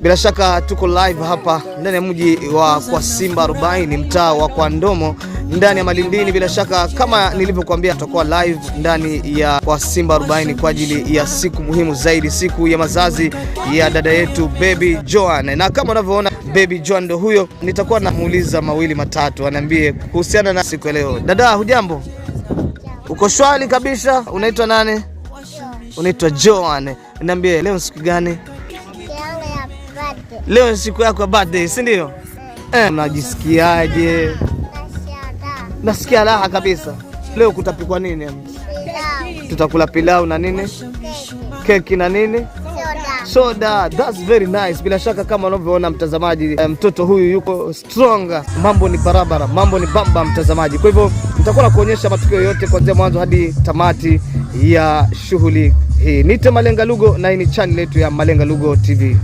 Bila shaka tuko live hapa ndani ya mji wa kwa Simba 40 mtaa wa kwa Ndomo ndani ya Malindini. Bila shaka kama nilivyokuambia, tutakuwa live ndani ya kwa Simba 40 kwa ajili ya siku muhimu zaidi, siku ya mazazi ya dada yetu Baby Joan, na kama unavyoona Baby Joan ndo huyo. Nitakuwa namuuliza mawili matatu, aniambie kuhusiana na siku ya leo. Dada, hujambo? Uko shwari kabisa? Unaitwa nani? Unaitwa Joan. Niambie leo siku gani? Leo ni siku yako ya birthday, si ndio? Eh, eh unajisikiaje? Nasikia raha kabisa. Leo kutapikwa nini? Tutakula pilau na nini? Keki na nini? Soda. That's very nice. Bila shaka kama unavyoona mtazamaji, eh, mtoto um, huyu yuko stronger. Mambo ni barabara, mambo ni bamba mtazamaji. Kwa hivyo nitakuwa na kuonyesha matukio yote kuanzia mwanzo hadi tamati ya shughuli hii. Nite Malenga Lugo na hii ni channel yetu ya Malenga Lugo TV.